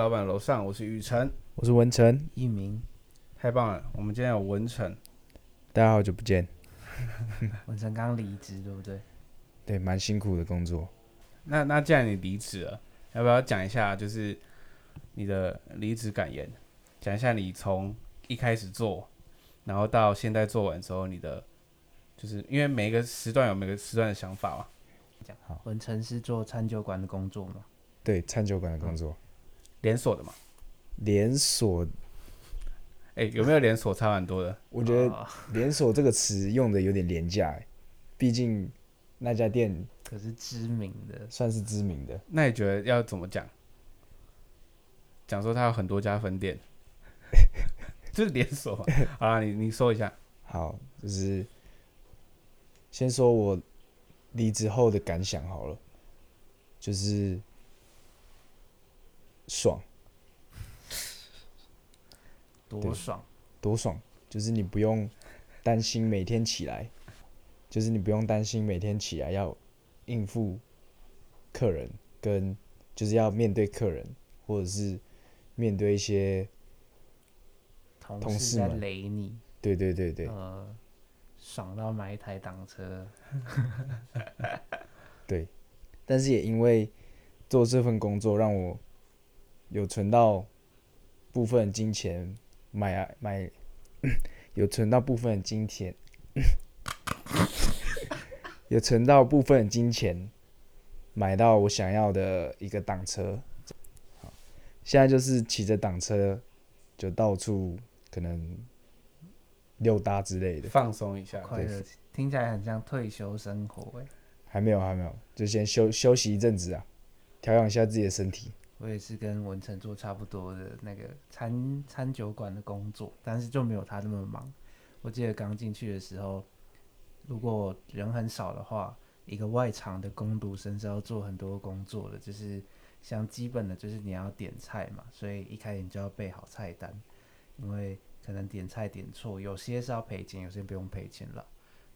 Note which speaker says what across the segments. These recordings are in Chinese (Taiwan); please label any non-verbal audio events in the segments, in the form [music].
Speaker 1: 老板樓上，我是宇程，
Speaker 2: 我是文成。
Speaker 1: 逸珉，太棒了！我們今天有文成，
Speaker 2: 大家好久不見。
Speaker 1: [laughs] 文成剛離職，對不對？
Speaker 2: 對，蠻辛苦的工作。
Speaker 1: 那那既然你離職了，要不要講一下，就是你的離職感言？講一下你從一開始做，然後到現在做完之後，你的就是因為每個時段有每個時段的想法嘛？
Speaker 3: 講好。文成是做餐酒館的工作嗎？對，餐酒館的工作。嗯連鎖
Speaker 2: 的嘛，連鎖，
Speaker 1: 哎、欸，有沒有連鎖差蠻多的？我覺得
Speaker 2: “連鎖”這個詞用的有點廉價、欸，畢 [laughs] 竟那家店可
Speaker 1: 是知名的，算是知名的。那你覺得要怎麼講？講說他有很多家分店， [laughs] [laughs] 就是連鎖。好啦，你你說一下。好，就是先說我離職後的感
Speaker 2: 想好了，就是。爽，多爽，多爽！就是你不用擔心每天起來，就是你不用擔心每天起來要應付客人跟，就是要面對客人，或者是面對一些
Speaker 3: 同事在雷你。
Speaker 2: 對對對對。
Speaker 3: 爽到買一台檔車。對，
Speaker 2: 對，但是也因為做這份工作讓我。有存到部分金錢買買，有存到部分金錢，有存到部分金錢，買到我想要的一個檔車。現在就是騎着檔車就到處可能溜達之類的，放
Speaker 3: 鬆一下。聽起來很像退休生活。
Speaker 2: 還沒有，還沒有，就先休休息一陣子啊，調養一下自己的身體。
Speaker 3: 我也是跟文成做差不多的那個餐餐酒館的工作，但是就沒有他那麼忙。我記得剛進去的時候，如果人很少的話，一個外場的工讀生是要做很多工作的，就是像基本的就是你要點菜嘛，所以一開始你就要備好菜單，因為可能點菜點錯，有些是要賠錢，有些不用賠錢了。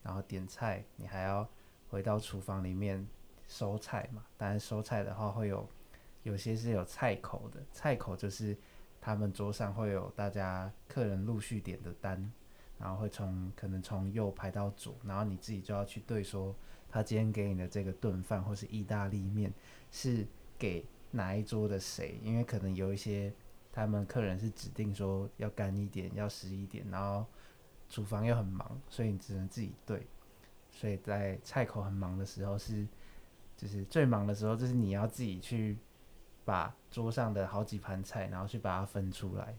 Speaker 3: 然後點菜你還要回到廚房裡面收菜嘛，當然收菜的話會有。有些是有菜口的，菜口就是他們桌上會有大家客人陸續點的單，然後會從可能從右排到左，然後你自己就要去對說他今天給你的這個燉飯或是意大利麵是給哪一桌的誰，因為可能有一些他們客人是指定說要乾一點要濕一點，然後廚房又很忙，所以你只能自己對，所以在菜口很忙的時候是就是最忙的時候，就是你要自己去。把桌上的好幾盤菜，然後去把它分出來，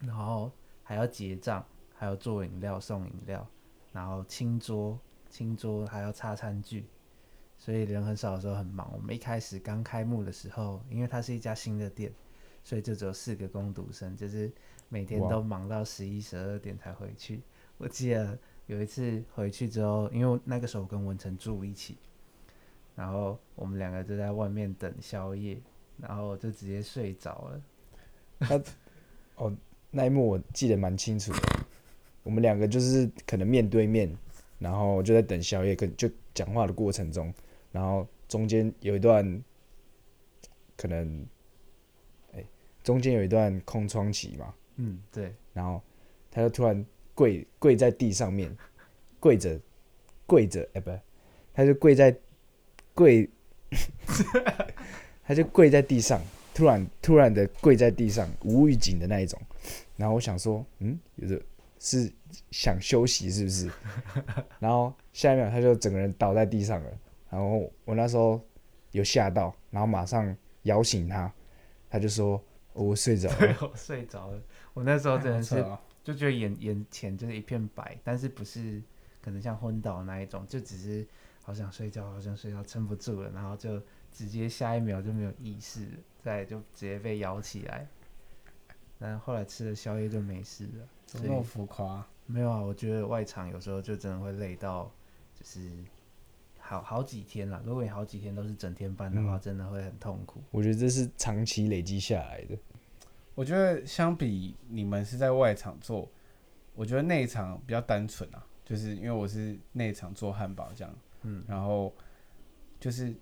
Speaker 3: 然後還要結賬，還要做飲料送飲料，然後清桌清桌還要擦餐具，所以人很少的時候很忙。我們一開始剛開幕的時候，因為它是一家新的店，所以就只有四個工讀生，就是每天都忙到十一十二點才回去。Wow. 我記得有一次回去之後，因為那個時候跟文成住一起，然後我們兩個就在外面等宵夜。然後我就直接睡着了。哦，那一幕我記得蠻清楚的。 [laughs] 我們兩個就
Speaker 2: 是可能面對面，然後就在等宵夜，跟就講話的過程中，然後中間有一段可能，哎，中間有一段空窗期嘛。嗯，對。然後他就突然跪跪在地上面，跪着跪着，哎不，他就跪在跪。 [laughs] [laughs] 他就跪在地上，突然突然的跪在地上，無預警的那一種。然後我想說，嗯，有的是想休息，是不是？ [laughs] 然後下一秒他就整個人倒在地上了。然後我，我那時候有嚇到，然後馬上搖醒他，他就說：“我睡着了。”“我
Speaker 3: 睡着了。對”我那時候真的是就覺得眼眼前就是一片白， [laughs] 但是不是可能像昏倒的那一種，就只是好想睡覺，好想睡覺，撐不住了，然後就。直接下一秒就沒有意識了，再就直接被咬起來，但後後來吃了宵夜就沒事了。怎麼那麼浮誇？沒有啊，我覺得外場有時候就真的會累到，就是好好幾天了。如果你好幾天都是整天搬的話，嗯，真的會很痛苦。
Speaker 1: 我覺得這是長期累積下來的。我覺得相比你們是在外場做，我覺得內場比較單純啊，就是因為我是內場做漢堡這樣，嗯，然後就是。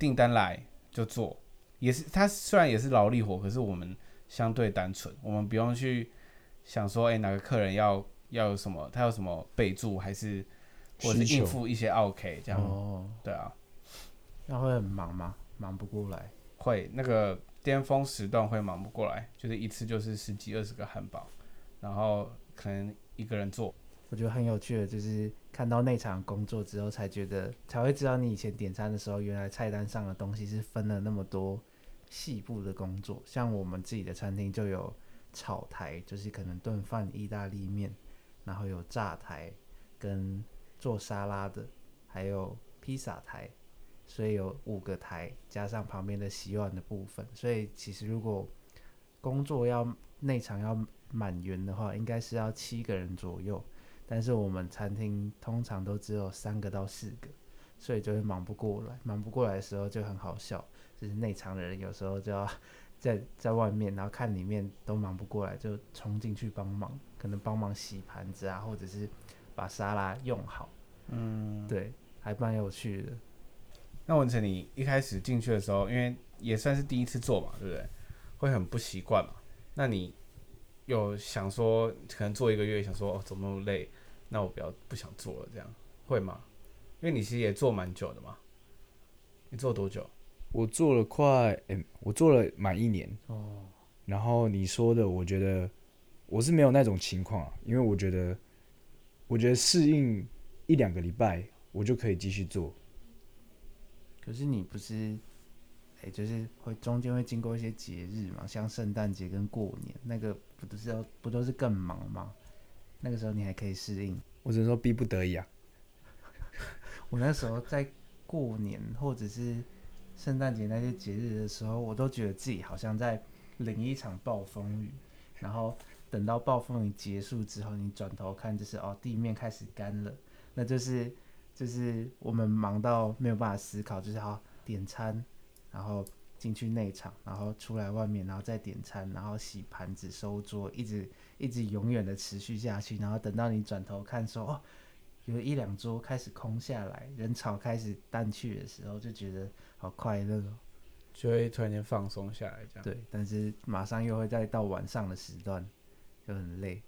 Speaker 1: 訂單來就做，也是他雖然也是勞力活，可是我們相對單純，我們不用去想說，哎、欸，哪個客人要要有什麼，他有什麼備註，還是或者應付一些奧客這樣，嗯，對啊，那會很忙嗎？忙不過來，會那個巔峰時段會忙不過來，就是一次就是十幾二十個漢堡，然後可能一個人做。我
Speaker 3: 覺得很有趣的，就是看到內場工作之後，才覺得才會知道，你以前點餐的時候，原來菜單上的東西是分了那麼多細部的工作。像我們自己的餐廳就有炒台，就是可能燉飯、意大利麵，然後有炸台跟做沙拉的，還有披薩台，所以有五個台加上旁邊的洗碗的部分，所以其實如果工作要內場要滿員的話，應該是要七個人左右。但是我們餐廳通常都只有三個到四個，所以就會忙不過來。忙不過來的時候就很好笑，就是內場的人有時候就要在在外面，然後看裡面都忙不過來，就衝進去幫忙，可能幫忙洗盤子啊，或者是把沙拉用好。
Speaker 1: 嗯，對，還蠻有趣的。那文成，你一開始進去的時候，因為也算是第一次做嘛，對不對？會很不習慣嘛。那你有想說，可能做一個月，想說哦，怎麼那麼累？那我比較不想做了，這樣會嗎？因為你其實也做蠻久的嘛，你做多久？
Speaker 2: 我做了快，欸、我做了滿一年。哦，然後你說的，我覺得我是沒有那種情況、啊，因為我覺得我覺得適應一兩個禮拜，我就可以繼續做。
Speaker 3: 可是你不是，哎、欸，就是會中間會經過一些節日嘛，像聖誕節跟過年，那個不都是要，不都是更忙嗎？那個時候你還可以適應，我只是說逼不得已啊。我那時候在過年或者是聖誕節那些節日的時候，我都覺得自己好像在淋一場暴風雨，然後等到暴風雨結束之後，你轉頭看就是哦，地面開始乾了，那就是就是我們忙到沒有辦法思考，就是好點餐，然後。進去內場，然後出來外面，然後再點餐，然後洗盤子、收桌，一直一直永遠的持續下去。然後等到你轉頭看，說：“哦，有一兩桌開始空下來，人潮開始淡去的時候，就覺得好快樂哦，就會突然間放鬆下來。”這樣。對，但是馬上又會再到晚上的時段，就很累。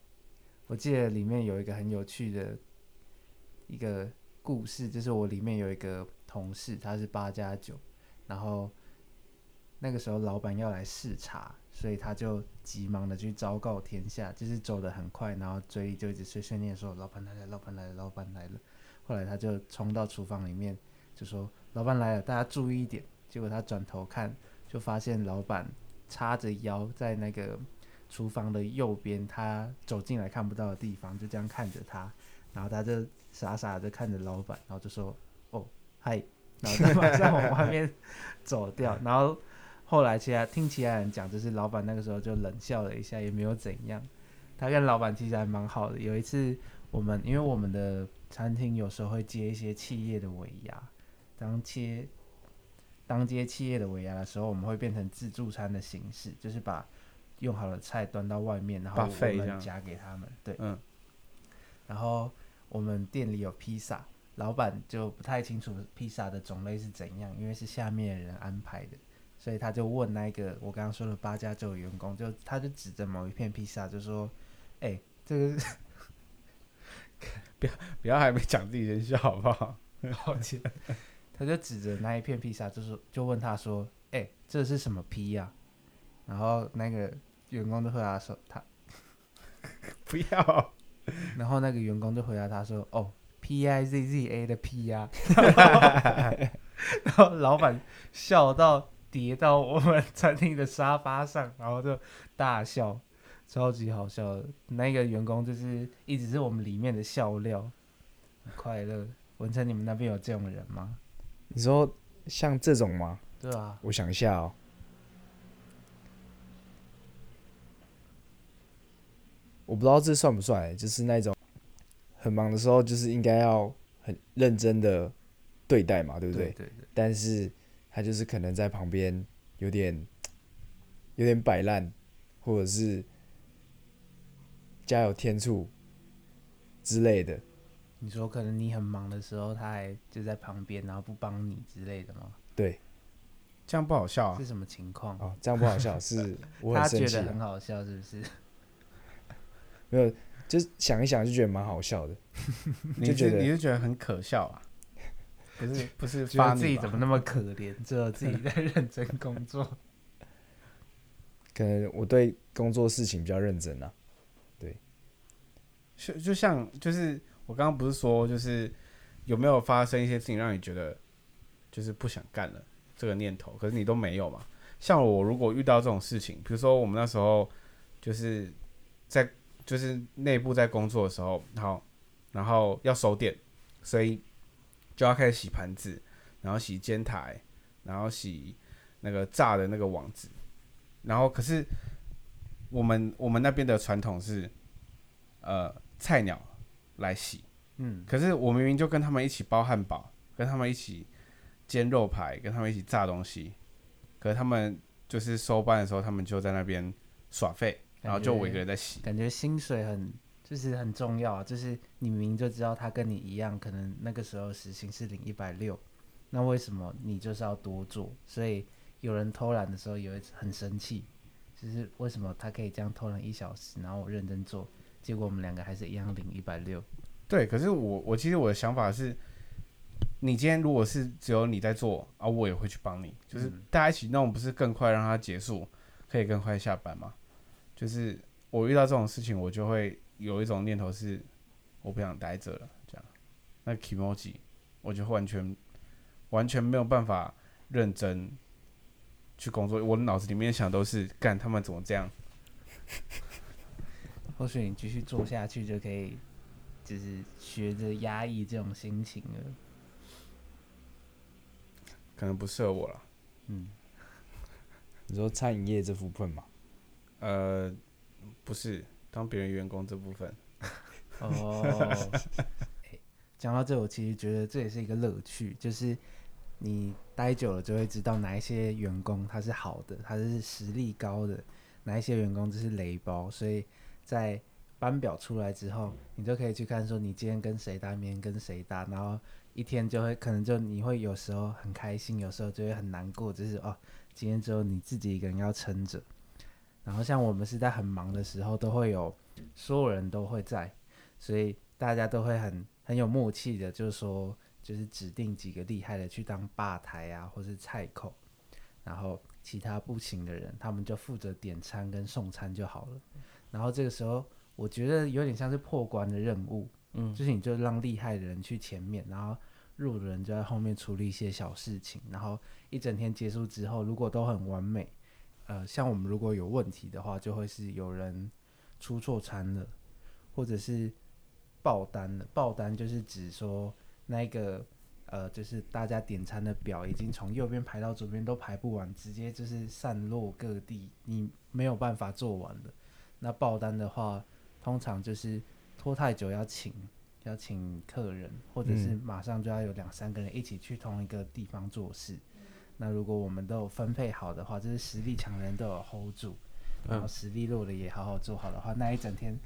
Speaker 3: 我記得裡面有一個很有趣的一個故事，就是我裡面有一個同事，他是八加九，然後。那個時候老闆要來視察，所以他就急忙的去昭告天下，就是走得很快，然後嘴裡就一直碎碎念說：“老闆來了，老闆來了，老闆來了。”後來他就衝到廚房裡面，就說：“老闆來了，大家注意一點。”結果他轉頭看，就發現老闆叉着腰在那個廚房的右邊，他走進來看不到的地方，就這樣看着他，然後他就傻傻的看着老闆，然後就說：“哦，嗨、oh,。”然後他馬上往外面 [laughs] 走掉，然後。後來，其實聽其他人講，就是老闆那個時候就冷笑了一下，也沒有怎樣。他跟老闆其實還蠻好的。有一次，我們因為我們的餐廳有時候會接一些企業的尾牙，當接當接企業的尾牙的時候，我們會變成自助餐的形式，就是把用好的菜端到外面，然後我們夾給他們。對，然後我們店裡有披薩，老闆就不太清楚披薩的種類是怎樣，因為是下面的人安排的。所以他就問那個我剛剛說的八家酒員工，就他就指着某一片披薩，就說：“哎、欸，這
Speaker 1: 個 [laughs] 不要，不要，還沒講自己人笑好不好？”很
Speaker 3: 好奇。他就指着那一片披薩，就是就問他說，哎、欸，這是什麼披呀？”然後那個員工就回答他說他：“他不要。 [laughs] ”然後那個員工就回答他說：“哦，P I Z Z A 的 P 呀。 [laughs] ” [laughs] [laughs] [laughs] [laughs] 然後老板笑到，疊到我們餐廳的沙發上，然後就大笑，超級好笑。那個員工就是一直是我們裡面的笑料，很快樂。文成，你們那邊有這種人嗎？你說
Speaker 2: 像這種嗎？對啊。我想一下哦，我不知道這算不算欸，就是那種很忙的時候，就是應該要很認真的對待嘛，對不對？對對對，但是。他就是可能在旁邊有點有點擺爛，或者是加油添醋之類的。
Speaker 3: 你說可能你很忙的時候，他還就在旁邊，然後不幫你之類的嗎？對，這樣不好笑啊！是什麼情況？哦，這樣不好笑，是 [laughs] 我、啊。他覺得很好笑，是不是？沒
Speaker 2: 有，就是想一想就覺得蠻好笑的，
Speaker 3: [laughs] 你就覺得你就
Speaker 1: 覺得很可笑啊。可是不是，發現自己怎麼那麼可憐？只 [laughs] 有
Speaker 2: 自己在認真工作。 [laughs] 可能我對工作事情比較認真啊。對。
Speaker 1: 就就像就是我剛剛不是說，就是有沒有發生一些事情讓你覺得就是不想幹了這個念頭？可是你都沒有嘛。像我如果遇到這種事情，比如說我們那時候就是在就是內部在工作的時候，然後然後要收電，所以。就要開始洗盤子，然後洗煎台，然後洗那個炸的那個網子，然後可是我們我們那邊的傳統是，呃菜鳥來洗，嗯，可是我明明就跟他們一起包漢堡，跟他們一起煎肉排，跟他們一起炸東西，可是他們就是收班的時候，他們就在那邊耍廢，然後就我一個人在
Speaker 3: 洗，感覺，感覺薪水很。就是很重要啊，就是你明明就知道他跟你一樣，可能那個時候時薪是領一百六，那為什麼你就是要多做？所以有人偷懶的時候，也會很生氣。就是為什麼他可以這樣偷懶一小時，然後我認真做，結果我們兩個還是一樣領一百六。
Speaker 1: 對，可是我我其實我的想法是，你今天如果是只有你在做，啊，我也會去幫你，就是大家一起弄，不是更快讓它結束，可以更快下班嗎？就是我遇到這種事情，我就會。有一種念頭是我不想待着了，這樣。那 kimochi，我就完全完全沒有辦法認真去工作。我腦子裡面想都是幹他們怎麼這樣。
Speaker 3: 或許你繼續做下去就可以，就是學着壓抑這種心情了。可
Speaker 2: 能不適合我了。嗯。你說餐飲業這部分
Speaker 1: 嗎？呃，不是。當別人員工這部分哦、 [laughs] oh, 欸，
Speaker 3: 講到這，我其實覺得這也是一個樂趣，就是你待久了就會知道哪一些員工他是好的，他就是實力高的，哪一些員工就是雷包，所以在班表出來之後，你就可以去看說你今天跟誰搭，明天跟誰搭，然後一天就會可能就你會有時候很開心，有時候就會很難過，就是哦、啊，今天只有你自己一個人要撐着。然後像我們是在很忙的時候，都會有所有人都會在，所以大家都會很很有默契的，就是說，就是指定幾個厲害的去當吧台啊，或是菜口，然後其他不行的人，他們就負責點餐跟送餐就好了。然後這個時候，我覺得有點像是破關的任務，嗯，就是你就讓厲害的人去前面，然後弱的人就在後面處理一些小事情。然後一整天結束之後，如果都很完美。呃，像我們如果有問題的話，就會是有人出錯餐了，或者是爆單了。爆單就是指說那個呃，就是大家點餐的表已經從右邊排到左邊都排不完，直接就是散落各地，你沒有辦法做完的。那爆單的話，通常就是拖太久要請要請客人，或者是馬上就要有兩三個人一起去同一個地方做事。嗯那如果我們都有分配好的話，就是實力強人都有 hold 住，然後實力弱的也好好做好的話，嗯，那一整天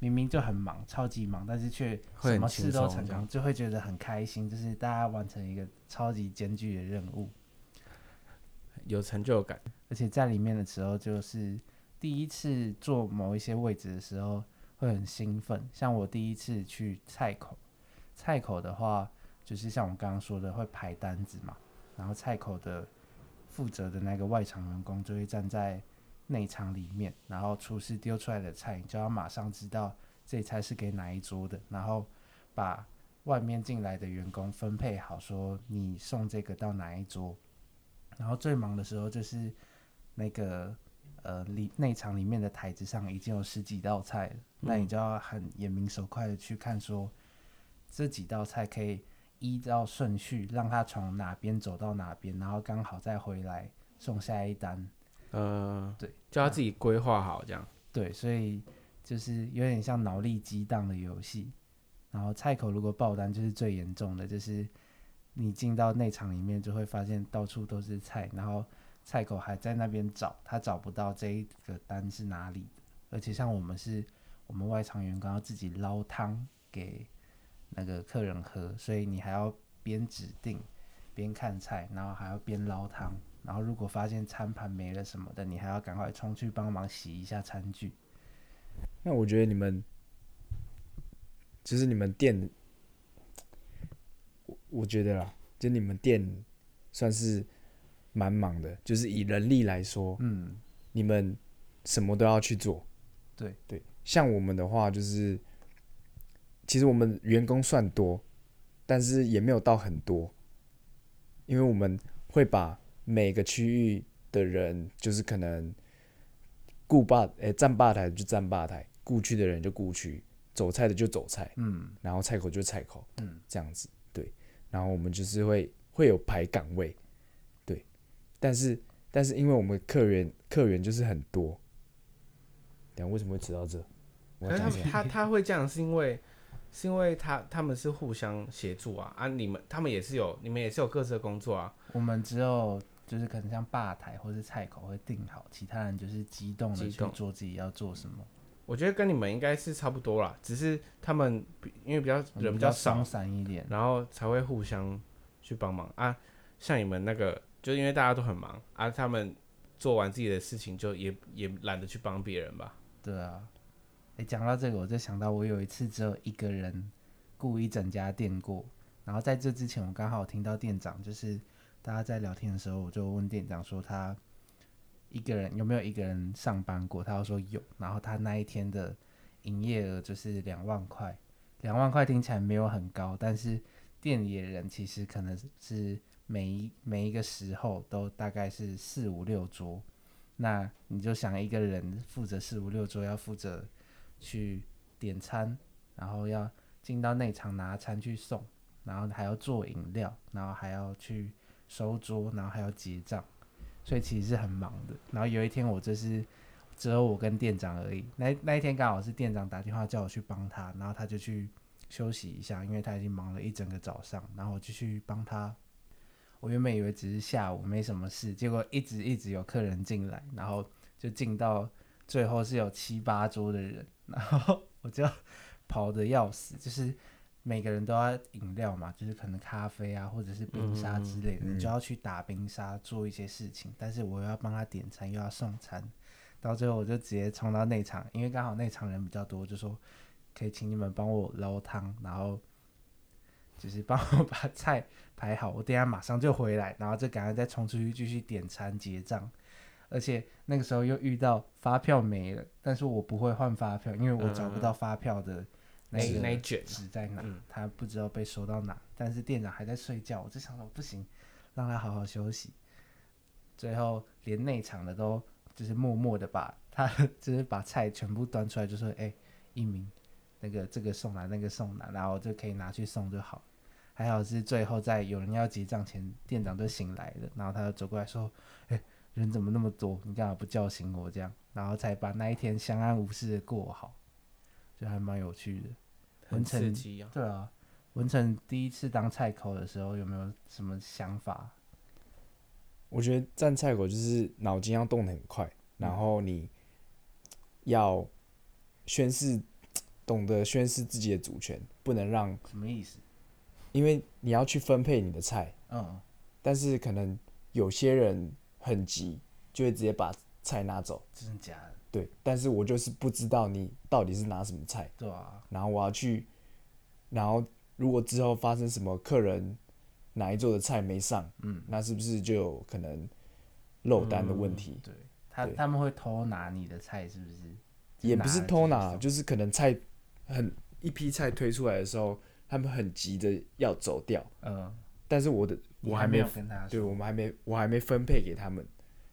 Speaker 3: 明明就很忙，超級忙，但是卻什麼事都成功，就會覺得很開心，就是大家完成一個超級艱巨的任務，有成就感。而且在裡面的時候，就是第一次做某一些位置的時候會很興奮，像我第一次去菜口，菜口的話就是像我剛剛說的會排單子嘛。然後菜口的負責的那個外場員工就會站在內場裡面，然後廚師丟出來的菜，你就要馬上知道這菜是給哪一桌的，然後把外面進來的員工分配好，說你送這個到哪一桌。然後最忙的時候就是那個呃，裡內場裡面的台子上已經有十幾道菜了，那你就要很眼明手快的去看，說這幾道菜可以。依照順序讓他從哪邊走到哪邊，然後剛好再回來送下一單。嗯、
Speaker 1: 呃，對，叫他自己規劃好、
Speaker 3: 呃、這樣。對，所以就是有點像腦力激盪的遊戲。然後菜口如果爆單就是最嚴重的，就是你進到內場裡面就會發現到處都是菜，然後菜口還在那邊找，他找不到這一個單是哪裡的。而且像我們是，我們外場員工要自己撈湯給。那個客人喝，所以你還要邊指定邊看菜，然後還要邊撈湯，然後如果發現餐盤沒了什麼的，你還要趕快衝去幫忙洗一下餐具。
Speaker 2: 那我覺得你們，就是你們店，我我覺得啦，就你們店算是蠻忙的，就是以人力來說，嗯，你們什麼都要去做。對對，像我們的話就是。其實我們員工算多，但是也沒有到很多，因為我們會把每個區域的人，就是可能顧吧，誒、欸、站吧台就站吧台，顧區的人就顧區，走菜的就走菜，嗯，然後菜口就菜口，嗯，這樣子，對，然後我們就是會會有排崗位，對，但是但是因為我們客源客源就是很多，等下為什麼會知道這？他他
Speaker 1: 他會這樣是因為。是因為他他們是互相協助啊啊！你們他們也是有，你們也是有各自的工作啊。
Speaker 3: 我們只有就是可能像吧台或是菜口會定好，其他人就是機動的去做自
Speaker 1: 己要做什麼。嗯、我覺得跟你們應該是差不多啦，只是他們因為比較人比較懶散一點，然後才會互相去幫忙啊。像你們那個，就因為大家都很忙啊，他們做完自己的事情就也也懶得去幫別人吧？
Speaker 3: 對啊。欸、講到這個，我就想到我有一次只有一個人顧一整家店過，然後在這之前，我剛好聽到店長，就是大家在聊天的時候，我就問店長說他一個人有沒有一個人上班過，他說有，然後他那一天的營業額就是兩萬塊，兩萬塊聽起來沒有很高，但是店裡的人其實可能是每一每一個時候都大概是四五六桌，那你就想一個人負責四五六桌要負責。去點餐，然後要進到內場拿餐去送，然後還要做飲料，然後還要去收桌，然後還要結賬，所以其實是很忙的。然後有一天我就是只有我跟店長而已，那那一天剛好是店長打電話叫我去幫他，然後他就去休息一下，因為他已經忙了一整個早上，然後我就去幫他。我原本以為只是下午沒什麼事，結果一直一直有客人進來，然後就進到最後是有七八桌的人。然後我就跑得要死，就是每個人都要飲料嘛，就是可能咖啡啊，或者是冰沙之類的，你、嗯、就要去打冰沙做一些事情。但是我要幫他點餐，又要送餐，到最後我就直接衝到內場，因為剛好內場人比較多，就說，可以請你們幫我撈湯，然後就是幫我把菜排好，我等一下馬上就回來，然後就趕快再衝出去繼續點餐結賬。而且那個時候又遇到發票沒了，但是我不會換發票，因為我找不到發票的那個嗯嗯那個、那一卷紙在哪、嗯，他不知道被收到哪。但是店長還在睡覺，我就想說不行，讓他好好休息。最後連內場的都就是默默的把他就是把菜全部端出來，就說：“哎、欸，逸珉，那個這個送來，那個送來，然後我就可以拿去送就好。”還好是最後在有人要結賬前，店長就醒來了，然後他就走過來說：“哎、欸。”人怎麼那麼多？你幹嘛不叫醒我？這樣，然後才把那一天相安無事的過好，就還蠻有趣的。啊、文成對啊，文成第一次當菜口的時候有沒有什麼想法？
Speaker 2: 我覺得站菜口就是腦筋要動得很快、嗯，然後你要宣示，懂得宣示自己的主權，不能讓什麼意思？因為你要去分配你的菜，嗯，但是可能有些人。很急，就會直接把菜拿走，真的假的？對，但是我就是不知道你到底是拿什麼菜，對啊。然後我要去，然後如果之後發生什麼客人哪一桌的菜沒上，嗯，那是不是就有可能漏單的問題？嗯、對，對，
Speaker 3: 他他們會偷拿你的菜，是不是？也不是偷
Speaker 2: 拿，就是可能菜很一批菜推出來的時候，他們很急著要走掉，嗯，但是我的。我還沒，分還沒有分他。對我們還沒，我還沒分配給他們，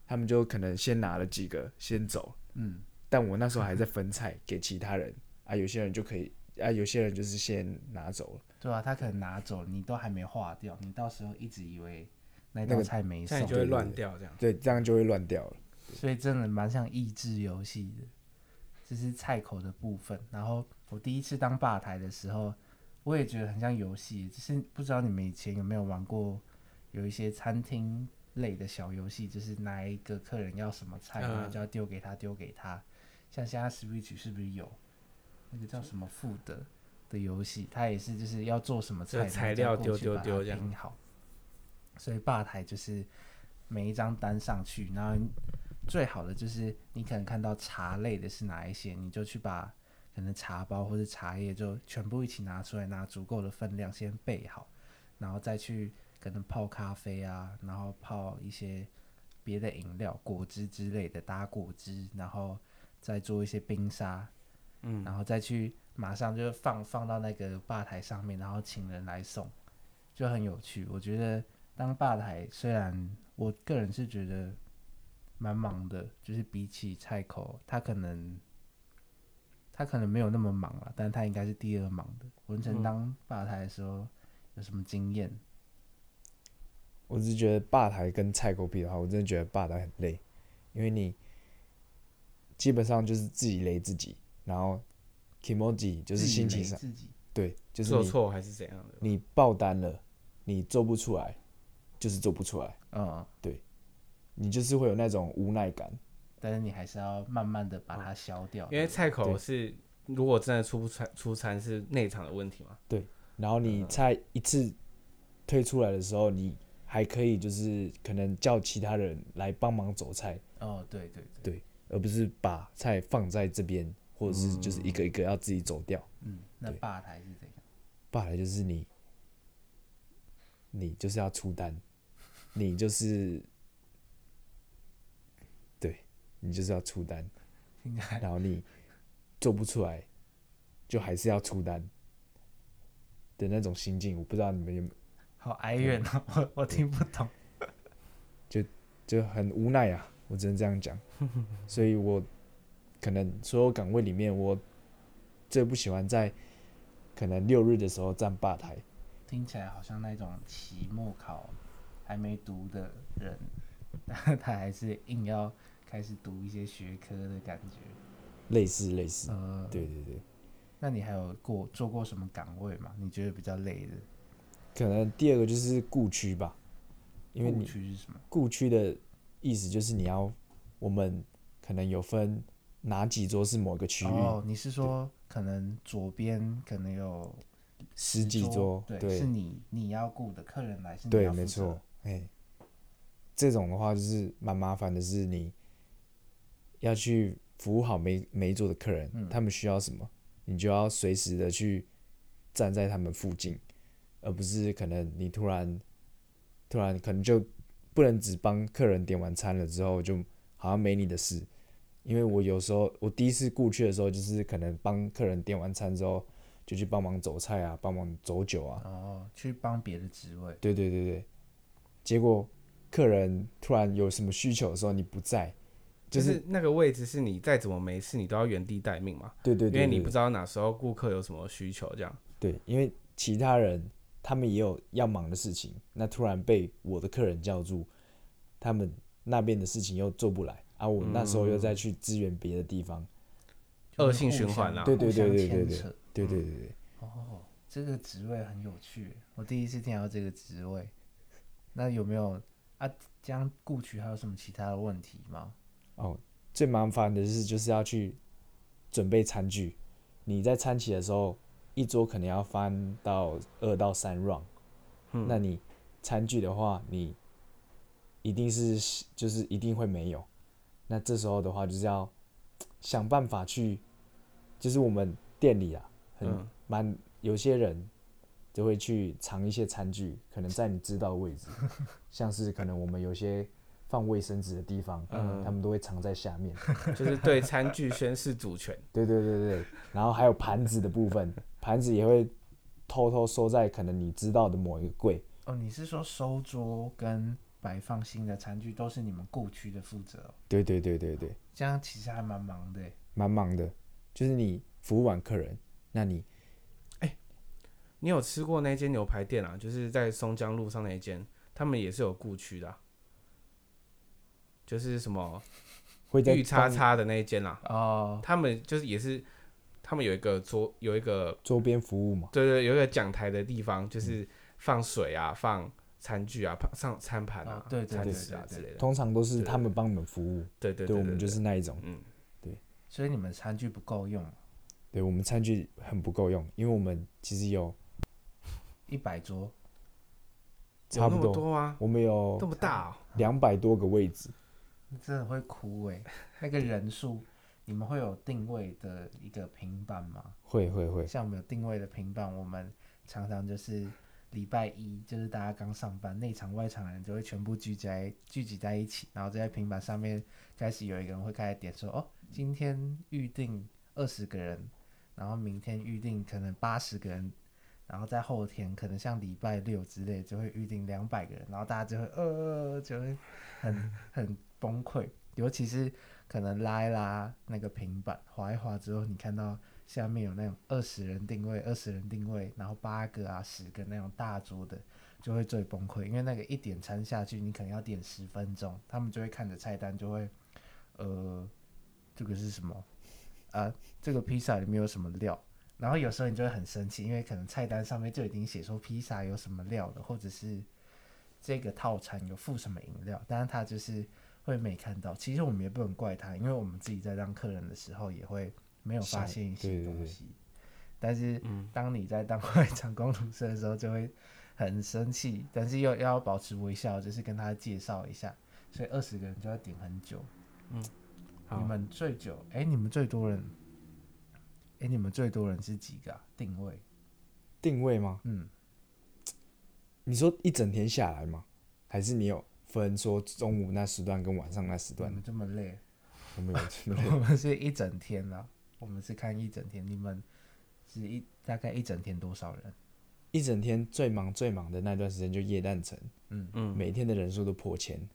Speaker 2: 他們就可能先拿了幾個，先走。嗯，但我那時候還在分菜給其他人 [laughs] 啊，有些人就可以啊，有些人就是先拿走
Speaker 3: 了。對啊，他可能拿走，你都還沒劃掉，你到時候一直以為那道菜沒送，那個，就會亂掉這樣，
Speaker 2: 對對對。對，這樣就會亂掉
Speaker 3: 了。所以真的蠻像益智遊戲的，這是菜口的部分。然後我第一次當吧台的時候，我也覺得很像遊戲，只，就是不知道你們以前有沒有玩過。有一些餐廳類的小遊戲，就是哪一個客人要什麼菜，然、啊、後就要丟給他，丟給他。像現在 Switch 是不是有那個叫什麼“富”的的遊戲？它也是就是要做什麼菜，材料丟丟丟，好。所以吧台就是每一張單上去，然後最好的就是你可能看到茶類的是哪一些，你就去把可能茶包或者茶葉就全部一起拿出來，拿足夠的分量先備好，然後再去。可能泡咖啡啊，然後泡一些別的飲料、果汁之類的，打果汁，然後再做一些冰沙，嗯，然後再去馬上就是放放到那個吧台上面，然後請人來送，就很有趣。我覺得當吧台雖然我個人是覺得蠻忙的，就是比起菜口，他可能他可能沒有那麼忙了啊，但他應該是第二忙的。文成，嗯，當吧台的時候有什麼經驗？
Speaker 2: 我只是覺得吧台跟菜口比的話，我真的覺得吧台很累，因為你基本上就是自己累自己，然後 kimoji 就是心情上，對，就是做錯
Speaker 1: 還是怎樣的，
Speaker 2: 你爆單了，你做不出來，就是做不出來，嗯，對，你就是會有那種無奈感，嗯、
Speaker 3: 但是你還是要慢慢的把它
Speaker 1: 消掉，嗯、因為菜口是如果真的出不出出餐是內場的問題嘛，
Speaker 2: 對，然後你菜一次推出來的時候，你還可以，就是可能叫其他人來幫忙走菜。
Speaker 3: 哦，對對對，
Speaker 2: 對，而不是把菜放在這邊，嗯，或者是就是一個一個要自己走掉。嗯，
Speaker 3: 對，那吧台是怎樣？
Speaker 2: 吧台就是你，你就是要出單，你就是， [laughs] 對，你就是要出單，然後你做不出來，就還是要出單的那種心境。我不知道你們有沒有。好哀怨喔，我我聽不懂，就就很無奈啊！我只能這樣講， [laughs] 所以我可能所有崗位裡面，我最不喜歡在可能六日的時候站
Speaker 3: 吧台。聽起來好像那種期末考還沒讀的人，他他還是硬要開始讀一些學科的感覺。類似類似，嗯、呃，對對對。那你還有過做過什麼崗位嗎？你覺得比較累的？
Speaker 2: 可能第二個就是顧區吧，因為你顧區是什麼？顧區的意思就是你要，我們可能有分哪幾桌是某個區域。哦，
Speaker 3: 你是說可能左邊可能有十幾桌，幾桌，對，對，是你你要顧的客人來，是你要，對，沒
Speaker 2: 錯，哎、欸，這種的話就是蠻麻煩的，是你要去服務好每每一桌的客人，嗯，他們需要什麼，你就要隨時的去站在他們附近。而不是可能你突然、突然可能就不能只幫客人點完餐了之後就好像沒你的事，因為我有時候我第一次過去的時候就是可能幫客人點完餐之後就去幫忙走菜啊、幫忙走酒啊，哦，去幫別的職位，對對對對，結果客人突然有什麼需求的時候你不在就是、是
Speaker 1: 那個位置是你再怎麼沒事，你都要原地待命嘛，對對，對，對，對，因為你不知道哪時候顧客有什麼需求這樣，對，因為
Speaker 2: 其他人。他們也有要忙的事情，那突然被我的客人叫住，他們那邊的事情又做不來、嗯、啊！我那時候又再去支援別的地方，
Speaker 3: 惡、就是、性循環啊對對對對對對，
Speaker 2: 對對對哦，
Speaker 3: 這個職位很有趣，我第一次聽到這個職位。那有沒有啊？將固取還有什麼其他的問題嗎？
Speaker 2: 哦，最麻煩的是就是要去準備餐具。你在餐期的時候。一桌可能要翻到二到三 round、嗯、那你餐具的話，你一定是就是一定會沒有。那這時候的話，就是要想辦法去，就是我們店裡啊，很蠻、嗯、有些人就會去藏一些餐具，可能在你知道的位置、
Speaker 3: 嗯，
Speaker 2: 像是可能我們有些放衛生紙的地方、嗯，他們都會藏在下面，就是對餐具宣示主權。 [laughs] 對，對對對對，然後還有盤子的部分。盤子也會偷偷收在可能你知道的某一個櫃。
Speaker 3: 哦，你是說收桌跟擺放新的餐具都是你們故區的負責、哦？對
Speaker 2: 對對對對，
Speaker 3: 啊、這樣其實還蠻忙的，
Speaker 2: 蠻忙的。就是你服務完客人，那你，哎、欸，
Speaker 1: 你有吃過那間牛排店啊？就是在松江路上那間，他們也是有故區的，啊，就是什麼會綠叉叉的那間啦、啊。啊、哦，他們就是也是。他們有一個桌有一個
Speaker 2: 周邊服務嘛？
Speaker 1: 對對,對，有一個講台的地方，就是放水啊，放餐具啊，放上餐盤啊，哦、對,對,對,餐具啊對,對,對對
Speaker 2: 對對對，通常都是他們幫你們服務。對對對,對,對,對,對，對我們就是那一種，嗯，對。
Speaker 1: 所以你
Speaker 3: 們餐具不夠用？
Speaker 2: 嗯、對我們餐具很不夠用，因為我們其實有，
Speaker 3: 一百桌，差不多啊，我們有這麼大、
Speaker 2: 哦，兩百多個位置。
Speaker 3: [laughs] 你真的會哭、欸，那個人數。你們會有定位的一個平板嗎？會會會，像我們有定位的平板，我們常常就是禮拜一，就是大家剛上班，內場外場的人就會全部聚集在聚集在一起，然後在平板上面開始有一個人會開始點說，哦，今天預定二十個人，然後明天預定可能八十個人，然後在後天可能像禮拜六之類就會預定兩百個人，然後大家就會呃、哦、就會很很崩潰， [laughs] 尤其是。可能拉一拉那個平板劃一劃之後，你看到下面有那種二十人定位、二十人定位，然後八個啊、十個那種大桌的，就會最崩潰，因為那個一點餐下去，你可能要點十分鐘，他們就會看着菜單就會，呃，這個是什麼？啊，這個披薩裡面有什麼料？然後有時候你就會很生氣，因為可能菜單上面就已經寫說披薩有什麼料了，或者是這個套餐有附什麼飲料，但是它就是。會沒看到，其實我們也不能怪他，因為我們自己在當客人的時候也會沒有發現一些東西。是對對對，但是，當你在當外場工讀生的時候，就會很生氣、嗯，但是又要保持微笑，就是跟他介紹一下。所以二十個人就要頂很久。嗯。你們最久？哎、欸，你們最多人？哎、欸，你們最多人是幾個、啊？訂位？訂位嗎？嗯。
Speaker 2: 你說一整天下來嗎？還是你有？不能說中午那時段跟晚上那時段、
Speaker 3: 嗯、這麼累，我們有這， [laughs] 我們是一整天啊，我們是看一整天，你們是一大概一整天多少人？
Speaker 2: 一整天最忙最忙的那段時間就夜蛋城，嗯嗯，每天的人數都破千。
Speaker 1: 嗯、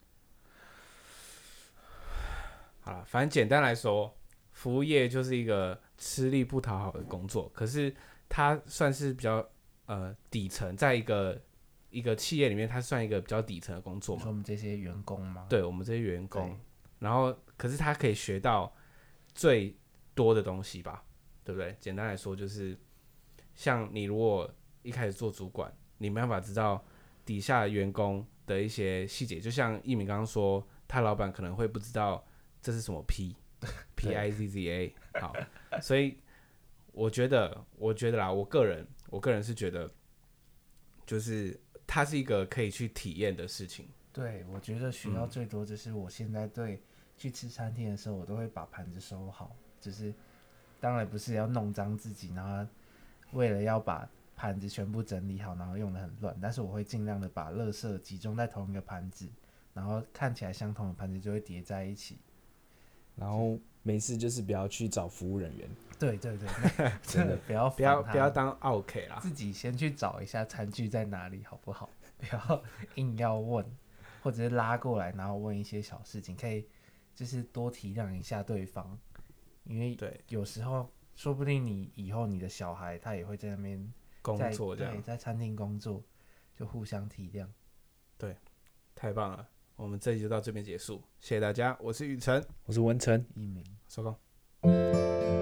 Speaker 1: 好了，反正簡單來說，服務業就是一個吃力不討好的工作，可是它算是比較呃底層，在一個。一個企業裡面，它算一個比較底層的工作嘛，說我們這些員工嗎？對我們這些員工，然後可是他可以學到最多的東西吧？對不對？簡單來說就是，像你如果一開始做主管，你沒辦法知道底下員工的一些細節，就像逸珉剛剛說，他老闆可能會不知道這是什麼 P P I Z Z A。好， [laughs] 所以我覺得，我覺得啦，我個人，我個人是覺得，就是。它是一個可以去體驗的事情。
Speaker 3: 對，我覺得學到最多就是，我現在對去吃餐廳的時候，我都會把盤子收好。就是當然不是要弄髒自己，然後為了要把盤子全部整理好，然後用得很亂。但是我會盡量的把垃圾集中在同一個盤子，然後看起來相同的盤子就會疊在一起。然後。沒事，就是不要去找
Speaker 2: 服務人員。對對對， [laughs] 真的不要不要不要
Speaker 1: 當奧客
Speaker 3: 啦，自己先去找一下餐具在哪裡，好不好？不要硬要問，或者是拉過來，然後問一些小事情，可以就是多體諒一下對方，因為有時候對說不定你以後你的小孩他也會在那邊工作，對，在餐廳工作，就互相體諒。
Speaker 1: 對，太棒了。我們這期就到這邊結束，謝謝大家。我是宇程，
Speaker 3: 我
Speaker 2: 是文成，逸珉
Speaker 1: 收工。